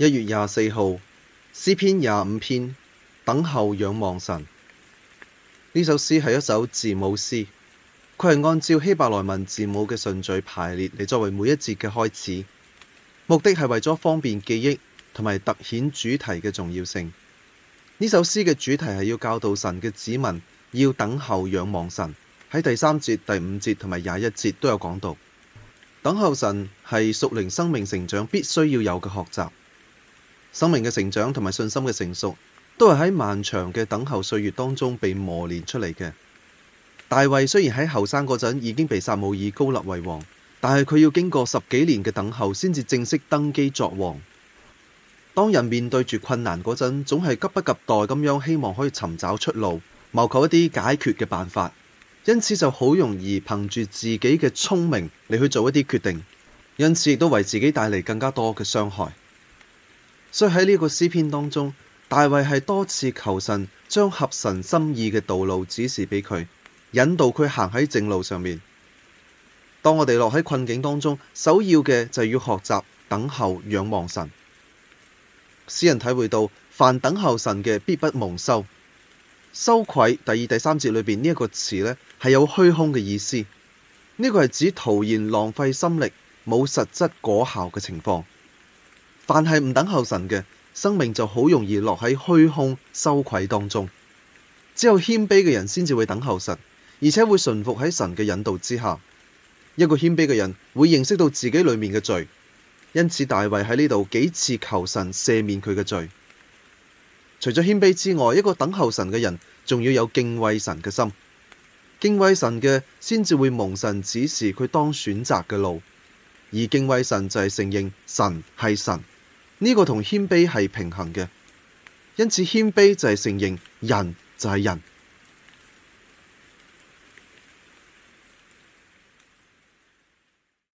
一月廿四號，詩篇廿五篇，等候仰望神。呢首詩係一首字母詩，佢係按照希伯來文字母嘅順序排列嚟作為每一節嘅開始。目的係為咗方便記憶同埋突顯主題嘅重要性。呢首詩嘅主題係要教導神嘅子民要等候仰望神。喺第三節、第五節同埋廿一節都有講到，等候神係屬靈生命成長必須要有嘅學習。生命嘅成長同埋信心嘅成熟，都係喺漫長嘅等候歲月當中被磨練出嚟嘅。大衛雖然喺後生嗰陣已經被撒母耳膏立為王，但係佢要經過十幾年嘅等候先至正式登基作王。當人面對住困難嗰陣，總係急不及待咁樣希望可以尋找出路，謀求一啲解決嘅辦法。因此就好容易憑住自己嘅聰明嚟去做一啲決定，因此亦都為自己帶嚟更加多嘅傷害。所以喺呢個詩篇當中，大衛係多次求神將合神心意嘅道路指示畀佢，引導佢行喺正路上面。當我哋落喺困境當中，首要嘅就係要學習等候仰望神。詩人體會到，凡等候神嘅必不蒙羞。羞愧第二、第三節裏邊呢一個詞呢，係有虛空嘅意思。呢、呢個係指徒然浪費心力、冇實質果效嘅情況。但係唔等候神嘅，生命就好容易落喺虛空羞愧當中。只有謙卑嘅人先至會等候神，而且會順服喺神嘅引導之下。一個謙卑嘅人會認識到自己裏面嘅罪，因此大衛喺呢度幾次求神赦免佢嘅罪。除咗謙卑之外，一個等候神嘅人仲要有敬畏神嘅心。敬畏神嘅先至會蒙神指示佢當選擇嘅路，而敬畏神就係承認神係神。呢個同謙卑係平行嘅，因此謙卑就係承認人就係人。